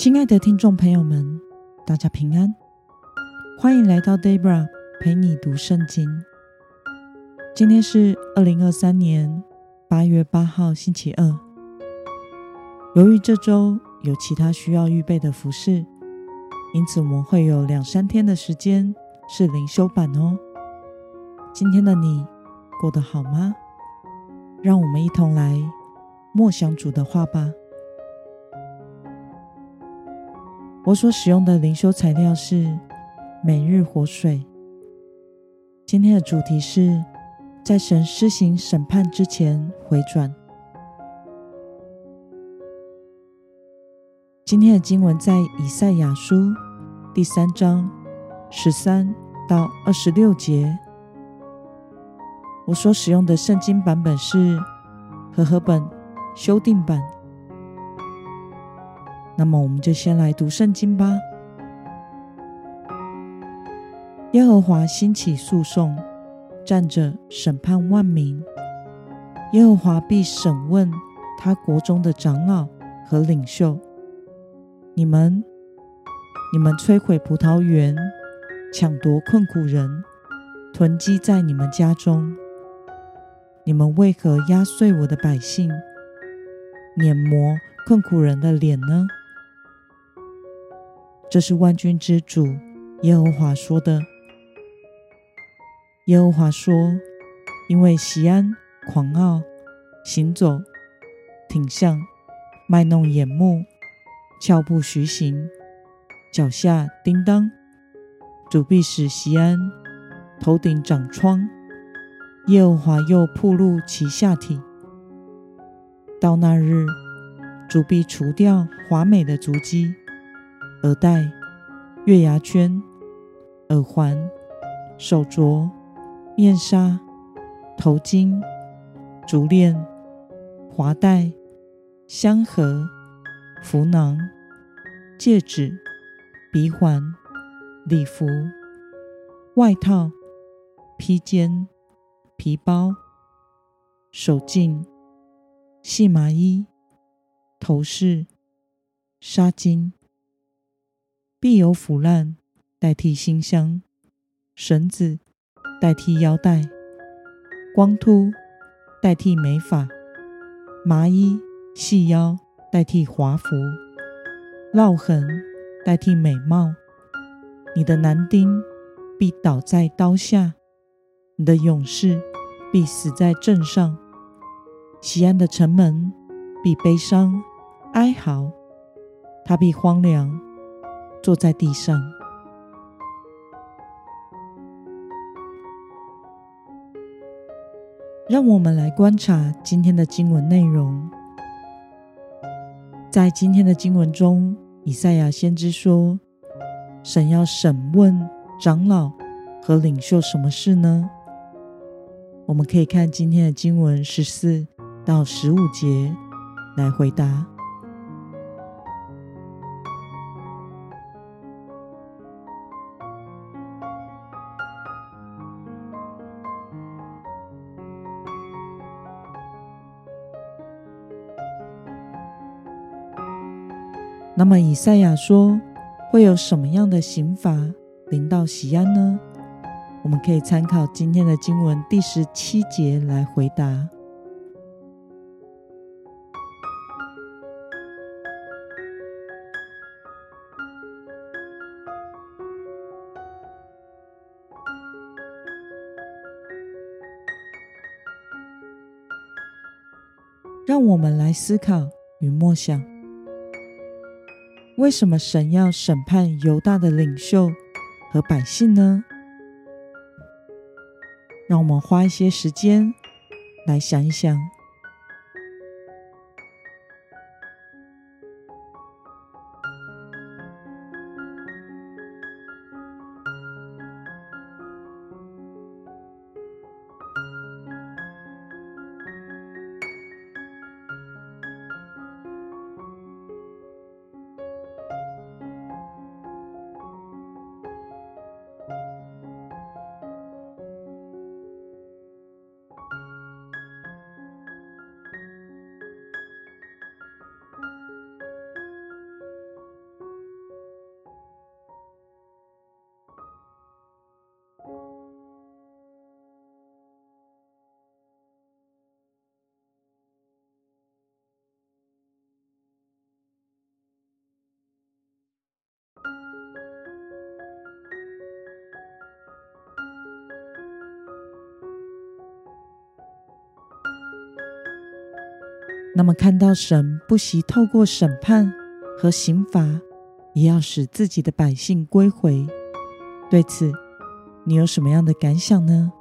親愛的聽眾朋友們，大家平安，歡迎來到 Debra 陪你讀聖經。今天是二零二三年八月八號星期二。由於這周有其他需要預備的服事，因此我們會有兩三天的時間是靈修版哦。今天的你過得好嗎？讓我們一同來默想主的話吧。我所使用的靈修材料是《每日活水》。今天的主題是“在神施行審判之前回轉”。今天的經文在《以賽亞書》第三章十三到二十六節。我所使用的聖經版本是《和合本修訂版》。那麼我們就先來讀聖經吧。耶和華興起訴訟，站着審判萬民。耶和華必審問他國中的長老和領袖。你們，你們摧毀葡萄園，搶奪困苦人，囤積在你們家中。你們為何壓碎我的百姓，碾磨困苦人的臉呢？這是萬軍之主耶和華說的。耶和華說：“因為錫安狂傲，行走挺項，賣弄眼目，俏步徐行，腳下玎璫，主必使錫安頭頂長瘡，耶和華又暴露其下體。到那日，主必除掉華美的足飾。”額帶、月牙圈、耳環、手鐲、面紗、頭巾、足鏈、華帶、香盒、符囊、戒指、鼻環、禮服、外套、披肩、皮包、手鏡、細麻衣、頭飾、紗巾。必有腐爛代替馨香，繩子代替腰帶，光禿代替美髮，麻衣繫腰代替華服，烙痕代替美貌。你的男丁必倒在刀下，你的勇士必死在陣上，錫安的城門必悲傷、哀號，它必荒涼。坐在地上。讓我們來觀察今天的經文內容。在今天的經文中，以賽亞先知說：“神要審問長老和領袖什麼事呢？”我們可以看今天的經文十四到十五節來回答。那麼，以賽亞說，會有什麼樣的刑罰臨到錫安呢？我們可以參考今天的經文第十七節來回答。讓我們來思考與默想。為什麼神要審判猶大的領袖和百姓呢？讓我們花一些時間來想一想。那麼看到神不惜透過審判和刑罰，也要使自己的百姓歸回，對此你有什麼樣的感想呢？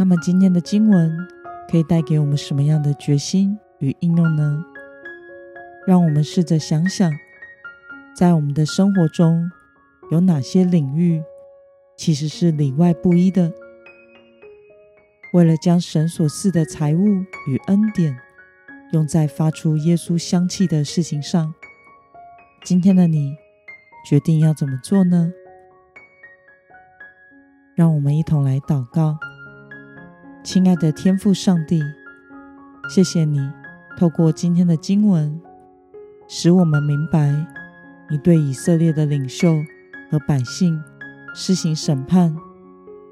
那麼今天的經文可以帶給我們什麼樣的決心與應用呢？讓我們試着想想，在我們的生活中有哪些領域其實是裡外不一的？為了將神所賜的財物與恩典用在發出耶穌香氣的事情上，今天的你決定要怎麼做呢？讓我們一同來禱告。親愛的天父上帝，謝謝你透過今天的經文，使我們明白你對以色列的領袖和百姓施行審判，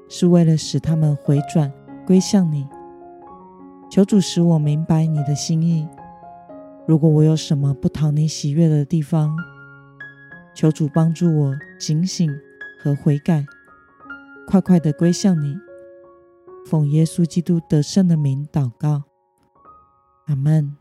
是為了使他們回轉歸向你。求主使我明白你的心意。如果我有什麼不討你喜悅的地方，求主幫助我警醒和悔改，快快的歸向你。奉耶穌基督得勝的名禱告，阿門。